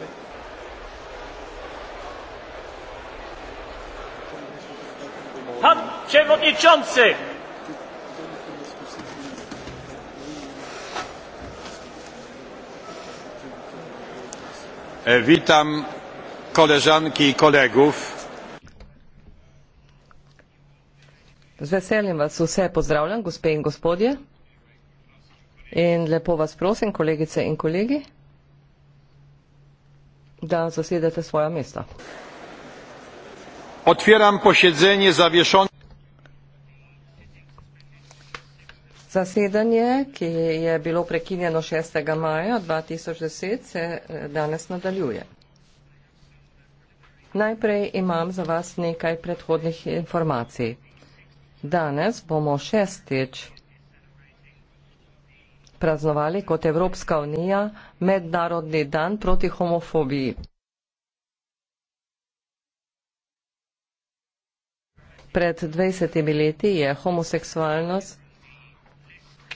Bay. Pan Przewodniczący! E, witam koleżanki i kolegów. Z weseljem Was wszystkich pozdrawiam, gospe i gospodzie. In lepo Was prosim, kolegice in kolegi da zasedete svoja mesta. Otvieram posjedzenje zavješone. Zasedanje, ki je bilo prekinjeno 6. maja 2010, se eh, danes nadaljuje. Najprej imam za vas nekaj predhodnih informacij. Danes bomo šestič praznovali kot Evropska unija Mednarodni dan proti homofobiji. Pred 20 leti je homoseksualnost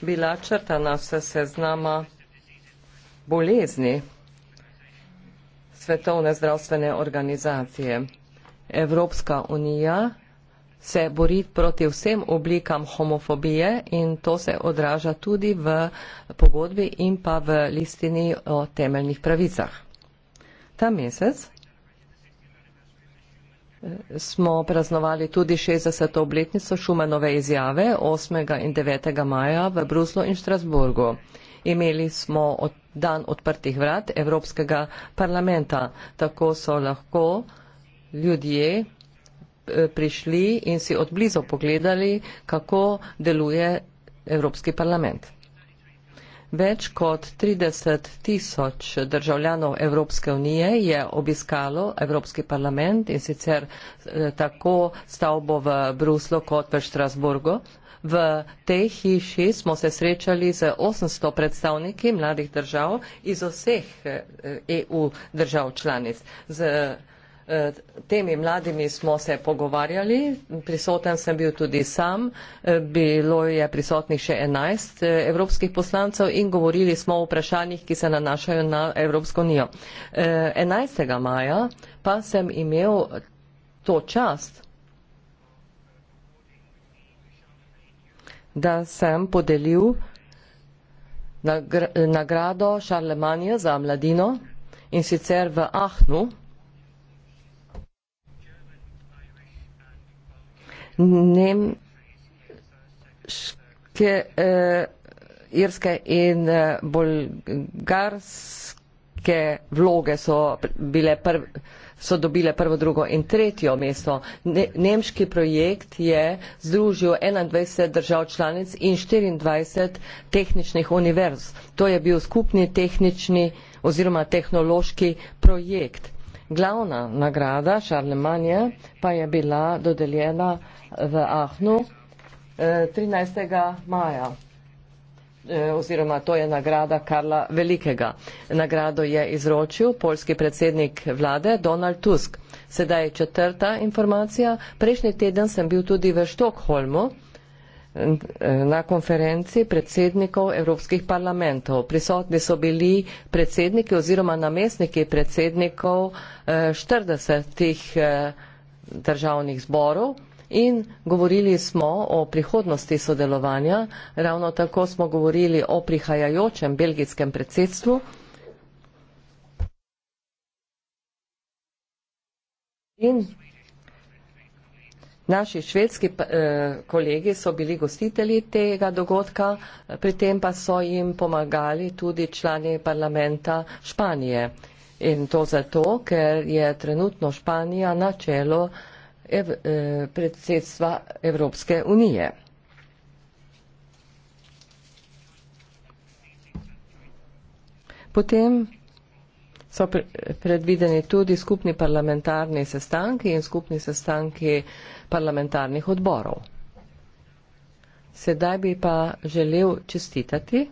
bila črtana se seznama bolezni Svetovne zdravstvene organizacije. Evropska unija se boriti proti vsem oblikam homofobije in to se odraža tudi v pogodbi in pa v listini o temeljnih pravicah. Ta mesec eh, smo praznovali tudi 60. obletnico Šumanove izjave 8. in 9. maja v Bruslu in Štrasburgu. Imeli smo od, dan odprtih vrat Evropskega parlamenta, tako so lahko ljudje Eh, prišli in si odblizu pogledali, kako deluje Evropski parlament. Več kot 30 tisoč državljanov Evropske unije je obiskalo Evropski parlament in sicer eh, tako stavbo v Bruslu kot v Štrasburgu. V tej hiši smo se srečali z 800 predstavniki mladih držav iz vseh EU eh, e držav članic. Z Eh, temi mladimi smo se pogovarjali, prisoten sem bil tudi sam, eh, bilo je prisotnih še 11 eh, evropskih poslancev in govorili smo o vprašanjih, ki se nanašajo na Evropsko unijo. 11. maja pa sem imel to čast, da sem podelil nagrado Šarlemanja za mladino in sicer v Ahnu, Nem, ške, eh, irske in eh, bolgarske vloge so, bile prv, so dobile prvo, drugo in tretjo mesto. Ne, nemški projekt je združil 21 držav članic in 24 tehničnih univerz. To je bil skupni tehnični oziroma tehnološki projekt. Glavna nagrada Šarlemanje pa je bila dodeljena v Ahnu 13. Eh, maja. Eh, oziroma, to je nagrada Karla Velikega. Nagrado je izročil polski predsednik vlade Donald Tusk. Sedaj je četrta informacija. Prejšnji teden sem bil tudi v Štokholmu eh, na konferenci predsednikov evropskih parlamentov. Prisotni so bili predsedniki oziroma namestniki predsednikov 40 državnih zborov in govorili smo o prihodnosti sodelovanja, ravno tako smo govorili o prihajajočem belgijskem predsedstvu. In naši švedski eh, kolegi so bili gostitelji tega dogodka, pri tem pa so jim pomagali tudi člani parlamenta Španije. In to zato, ker je trenutno Španija na čelo Hrvatske ev, eh, predsedstva Evropske unije. Potem so predvideni tudi skupni parlamentarni sestanki in skupni sestanki parlamentarnih odborov. Sedaj bi pa želel čestitati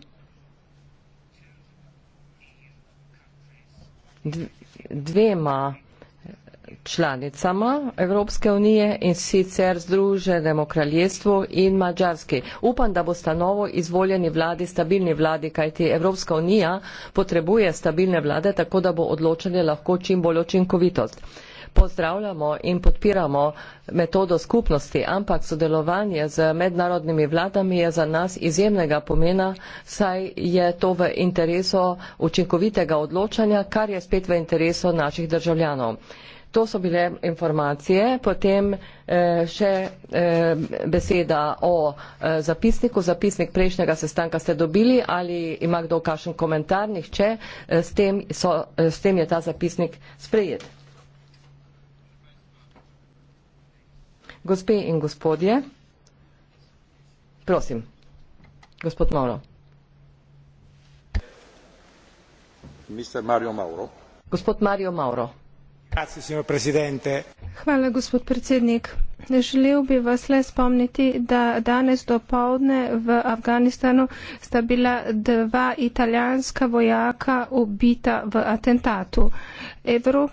dvema članicama Evropske unije in sicer Združenemu kraljestvu in Mačarski. Upam, da bosta novo izvoljeni vladi stabilni vladi, kajti Evropska unija potrebuje stabilne vlade, tako da bo odločanje lahko čim bolj očinkovitost. Pozdravljamo in podpiramo metodo skupnosti, ampak sodelovanje z mednarodnimi vladami je za nas izjemnega pomena, saj je to v interesu učinkovitega odločanja, kar je spet v interesu naših državljanov. To so bile informacije, potem eh, še eh, beseda o eh, zapisniku. Zapisnik prejšnjega sestanka ste dobili ali ima kdo kakšen komentar, nihče, s tem, so, s tem je ta zapisnik sprejet. Gospe in gospodje, prosim, gospod Mauro. Mr. Mario Mauro. Gospod Mario Mauro. Hvala, gospod predsednik. Želel bi vas le spomniti, da danes do povdne v Afganistanu sta bila dva italijanska vojaka ubita v atentatu. Evropa